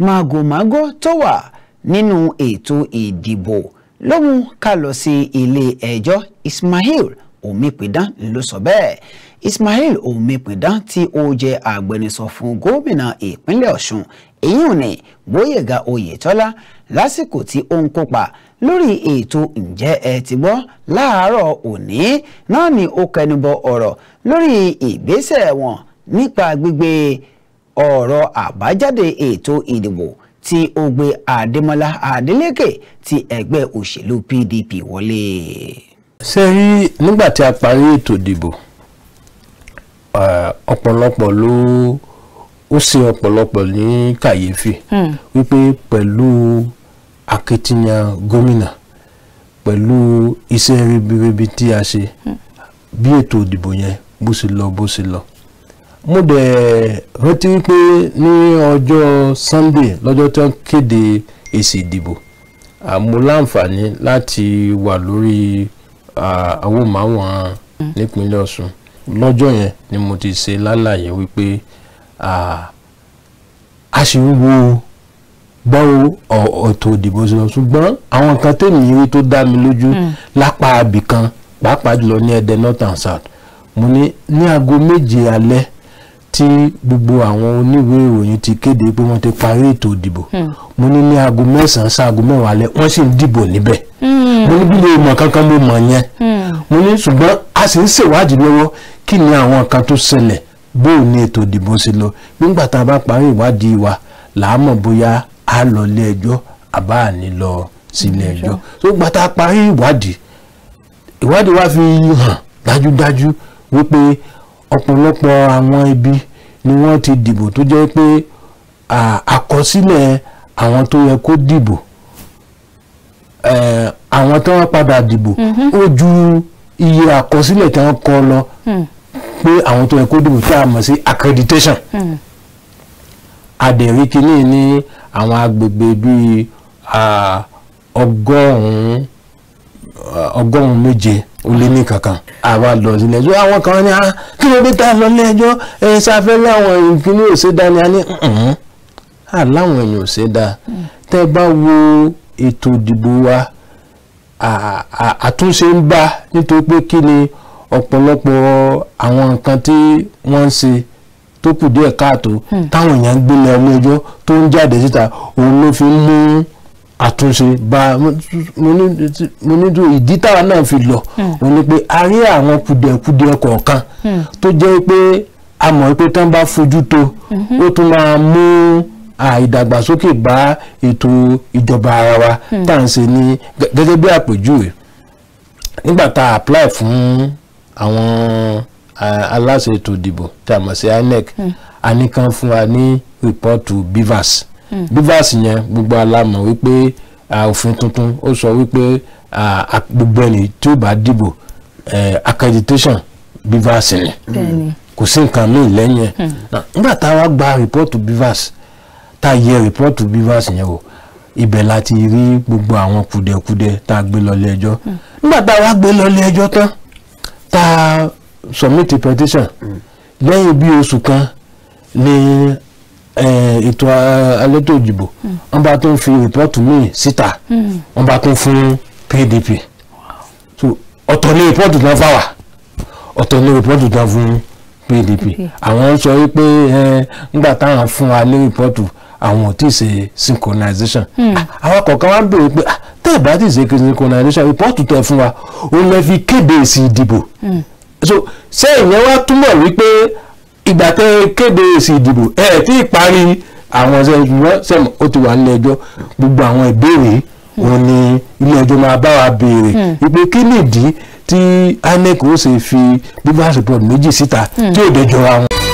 màgòmágó tó wà nínú ètò ìdìbò ló mú ká lọ sí ilé ẹjọ́ Ismail Omipidan ló sọ bẹ́ẹ̀ Ismail Omipidan tí ó jẹ agbẹnusọ fún gómìnà ìpínlẹ̀ Ọ̀ṣun èyí ni Gbóyèga Oyètọ́lá lásìkò tí ó ń kópa lórí ètò ǹjẹ́ ẹ ti gbọ́ láàárọ̀ òní náà ni ó kẹnubọ ọ̀rọ̀ lórí ìgbésẹ̀ wọn nípa gbígbé ọ̀rọ̀ àbájáde ètò ìdìbò tí ó gbé Adémọ́lá Adélékè ti ẹgbẹ́ òṣèlú PDP wọlé. ṣe rí nígbà tí a parí ètò ìdìbò ọ̀pọ̀lọpọ̀ ló ó ṣe ọ̀pọ̀lọpọ̀ ní kàyéfì hmm. wípé pẹ̀lú akitiyan gómìnà pẹ̀lú iṣẹ́ ribiribi tí a ṣe hmm. bí ètò ìdìbò yẹn bó ṣe lọ bó ṣe lọ mo dẹ̀ rántí wípé ní ọjọ́ sunday lọ́jọ́ tí wọ́n kéde èsì ìdìbò àmọ́ láǹfààní láti wà lórí àwòmáwòrán mm. nípínlẹ̀ ọ̀ṣun lọ́jọ́ yẹn ni mo ti ṣe lálàyé wípé a sì ń wo gbọ́n ọ̀tọ̀ òdìbò sọ ṣùgbọ́n àwọn kan tèmi rí tó dá mi lójú mm. lápá abìkan pàápàá jùlọ ní ẹ̀dẹ̀ north south mo ní ní aago méje alẹ́ tí gbogbo àwọn oníwèé ìròyìn ti kéde pé wọ́n ti parí ètò ìdìbò hmm. mo ní ní aago mẹ́sàn-án sáago mẹ́wàá alẹ́ wọ́n sì ń dìbò níbẹ̀ hmm. mo ní bí lè mọ̀ kankan mo mọ̀ yẹn hmm. mo ní ṣùgbọ́n a sì ń ṣèwádìí lọ́wọ́ kí ni àwọn nǹkan tó ṣẹlẹ̀ bó ní ètò ìdìbò ṣe lọ nígbà tá a bá parí ìwádìí wa làá mọ̀ bóyá a lọ ilé ẹjọ́ àbá àní lọ sílé ẹjọ́ tó gbà tá a parí ìwádìí ìwádìí wa fi hàn dájúdájú wípé ọ̀pọ̀lọpọ̀ àwọn ibi ni wọ́n ti dìbò tó jẹ́ pé àkọsílẹ̀ àwọn tó yẹ kó dìbò àwọn tí wọ́n padà dìbò mhm. ó ju iye àkọsílẹ̀ tí wọ́n kọ lọ hmm. pé àwọn tó yẹ kó dìbò tí a mọ̀ sí accreditation hmm. adẹ̀rí kínní ní àwọn agbègbè bíi ọgọ́rùn-ún ọgọ́rùn-ún ó lé ní kankan. àwa lọ sílẹ̀ tó àwọn kan ní ah, kí ló dé tá a lọ ilé ẹjọ́ ẹ ṣàfẹ́lẹ́ àwọn ìkíní ò ṣe dání a ní aláwọn èèyàn ò ṣe dá tẹ́ bá wo ètò ìdìbò wa àtúnṣe ń bá nítorí pé kí ni ọ̀pọ̀lọpọ̀ àwọn nǹkan tí wọ́n ń ṣe tó kù díẹ̀ káàtó hmm. táwọn èèyàn ń gbé lọ ẹjọ́ tó ń jáde síta òun ló fi ń mú àtúnṣe bá mo nídò ìdí táwa náà fi lọ hmm. òun ni pé a rí àwọn kùdìẹ̀kùdìẹ̀ kọ̀ọ̀kan hmm. tó jẹ́ pé a mọ̀ pé tán bá fojú tó hmm. ó tún máa mú àìdàgbàsókè bá ètò ìjọba ara wa tá à ń ṣe ní gẹ́gẹ́ bí àpèjúwe nígbà tá a apply fún àwọn aláṣẹ ètò ìdìbò tá a mọ̀ sí INEC a ní kán fún wa ní rìpọ́ọ̀tù BVAS. Mm rivers yẹn gbogbo alámọ̀ wípé òfin tuntun ó sọ wípé gbogbo ẹni tí ó bá dìbò accreditation rivers ni kò sí nǹkan míì lẹ́yìn ẹ̀ hmm. nígbà táwa gba rìpọ́ọ̀tù rivers tá a yẹ rìpọ́ọ̀tù rivers yẹn o ibẹ̀ láti rí gbogbo àwọn kùdẹ̀kùdẹ̀ tá a gbé lọlé ẹjọ́ hmm. nígbà táwa gbé lọlé ẹjọ́ tán tá a submit petition hmm. lẹ́yìn bí oṣù kan ni Eh, ètò eh, elétò ìdìbò hmm. wọn bá tó ń fi rìpọ́ọ̀tù míì síta hmm. wọn bá tó ń fún PDP so ọ̀tọ̀ ni rìpọ́ọ̀tù náà fà wá ọ̀tọ̀ ni rìpọ́ọ̀tù náà fún PDP àwọn ń sọ wípé eh, nígbà táwọn fún wa lé rìpọ́ọ̀tù àwọn ò tí ì ṣe synchronization hmm. ah, àwọn kọ̀ọ̀kan wá ń béèrè pé ah, tẹ́ ẹ̀ bá tí ì ṣe synchronization rìpọ́ọ̀tù tẹ̀ fún wa ó lè fi kéde èsì ìdìbò so ṣé ìyẹn wá túmọ̀ wípé ìgbà tẹ kéde èsì ìdìbò ẹ tí ì àwọn sẹmọ ó ti wà nílé ẹjọ́ gbogbo àwọn ìbéèrè òun ni ilé ẹjọ́ máa bá wa béèrè hmm. ìpè kí nìdí tí INEC ó ṣe fi gbogbo àṣepọ̀ méjì síta hmm. tí ò dẹjọ́ ra wọn.